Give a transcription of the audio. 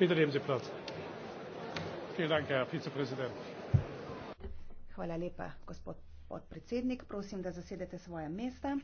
Bitte nehmen Sie Platz. Vielen Dank, Herr Vizepräsident. Hvala lepa, gospod podpredsednik. Prosim, da zasedete svoja mesta.